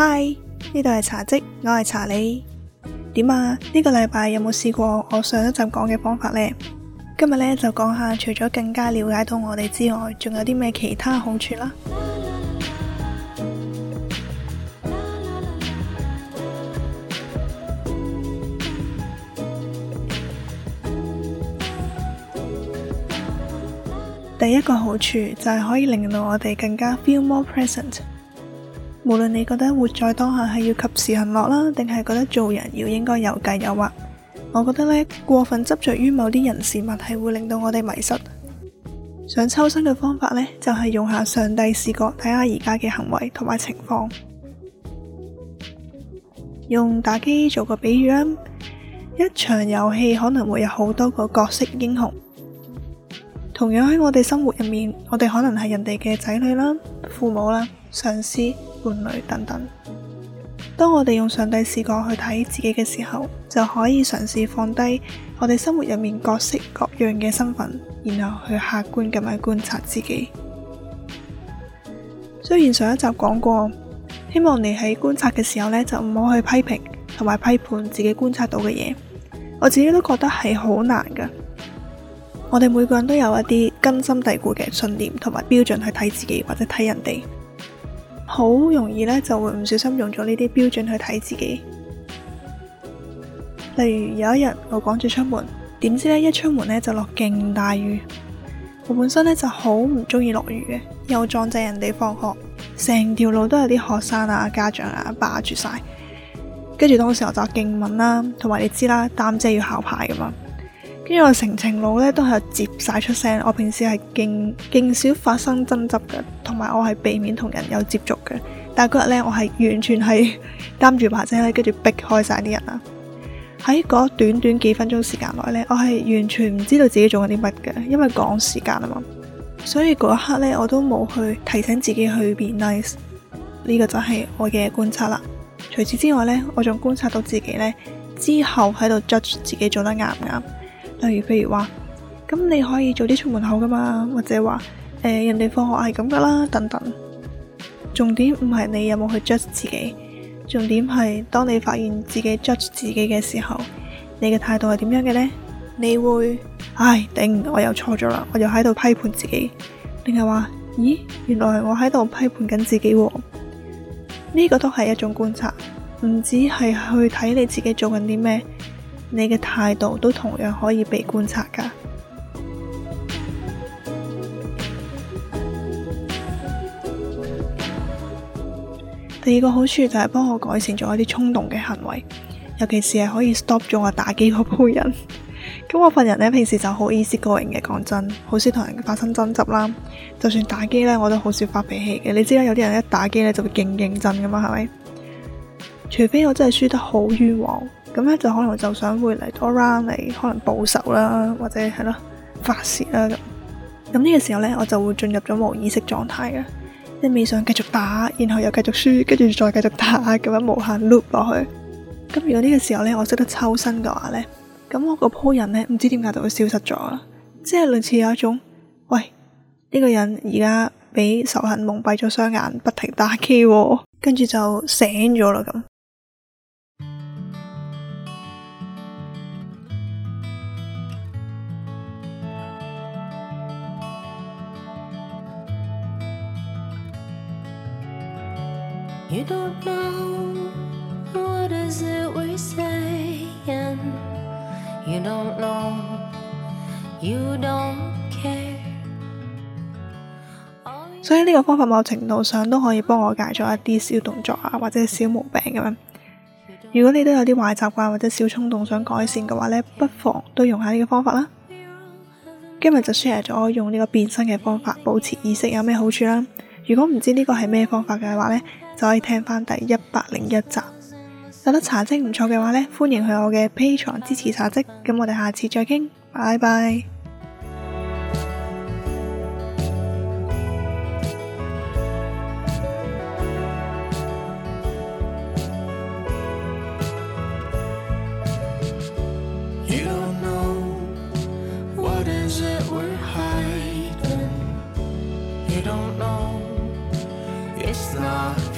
Hi，呢度係茶嘖，我係茶理。點啊？呢、這個禮拜有冇試過我上一集講嘅方法呢？今日咧就講下，除咗更加了解到我哋之外，仲有啲咩其他好處啦？第一個好處就係可以令到我哋更加 feel more present。無論你覺得活在當下係要及時行樂啦，定係覺得做人要應該有計有劃，我覺得呢，過分執着於某啲人事物係會令到我哋迷失。想抽身嘅方法呢，就係用下上帝視角睇下而家嘅行為同埋情況。用打機做個比喻啦，一場遊戲可能會有好多個角色英雄。同樣喺我哋生活入面，我哋可能係人哋嘅仔女啦、父母啦、上司。伴侶等等。當我哋用上帝視角去睇自己嘅時候，就可以嘗試放低我哋生活入面各式各樣嘅身份，然後去客觀咁去觀察自己。雖然上一集講過，希望你喺觀察嘅時候呢，就唔好去批評同埋批判自己觀察到嘅嘢，我自己都覺得係好難㗎。我哋每個人都有一啲根深蒂固嘅信念同埋標準去睇自己或者睇人哋。.好容易咧，就會唔小心用咗呢啲標準去睇自己。例如有一日我趕住出門，點知咧一出門咧就落勁大雨。我本身咧就好唔中意落雨嘅，又撞正人哋放學，成條路都有啲學生啊、家長啊霸住晒。跟住當時我就勁悶啦，同埋你知啦，擔遮要考牌咁樣。因為我呢個成程路咧都係接晒出聲。我平時係勁勁少發生爭執嘅，同埋我係避免同人有接觸嘅。但係嗰日咧，我係完全係擔住把遮咧，跟住逼開晒啲人啦。喺嗰短短幾分鐘時間內咧，我係完全唔知道自己做緊啲乜嘅，因為趕時間啊嘛。所以嗰一刻咧，我都冇去提醒自己去 be nice。呢個就係我嘅觀察啦。除此之外咧，我仲觀察到自己咧之後喺度 judge 自己做得啱唔啱。例如譬如話，咁你可以早啲出門口噶嘛，或者話，誒、呃、人哋放學係咁噶啦，等等。重點唔係你有冇去 judge 自己，重點係當你發現自己 judge 自己嘅時候，你嘅態度係點樣嘅呢？你會，唉頂，我又錯咗啦，我又喺度批判自己，定係話，咦，原來我喺度批判緊自己喎，啊，呢，這個都係一種觀察，唔止係去睇你自己做緊啲咩。你嘅態度都同樣可以被觀察噶。第二個好處就係幫我改善咗一啲衝動嘅行為，尤其是係可以 stop 咗我打機嗰鋪人。咁 我份人呢，平時就好意思過人嘅，講真，好少同人發生爭執啦。就算打機呢，我都好少發脾氣嘅。你知啦，有啲人一打機呢就會勁認真噶嘛，係咪？除非我真係輸得好冤枉。咁咧就可能就想會嚟拖拉你，可能報仇啦，或者係咯發洩啦咁。咁呢個時候咧，我就會進入咗無意識狀態嘅，即未想繼續打，然後又繼續輸，跟住再繼續打，咁樣無限 loop 落去。咁如果呢個時候咧，我識得抽身嘅話咧，咁我個鋪人咧唔知點解就會消失咗啦，即係類似有一種，喂呢個人而家俾仇恨蒙蔽咗雙眼，不停打機，跟住就醒咗啦咁。所以呢個方法，某程度上都可以幫我解咗一啲小動作啊，或者小毛病咁樣。如果你都有啲壞習慣或者小衝動想改善嘅話呢，不妨都用下呢個方法啦。今日就 share 咗用呢個變身嘅方法保持意識有咩好處啦。如果唔知呢個係咩方法嘅話呢，再聽返第一百零一集，覺得茶嘖唔錯嘅話呢，歡迎去我嘅 Patreon 支持茶嘖。咁我哋下次再傾，拜拜。You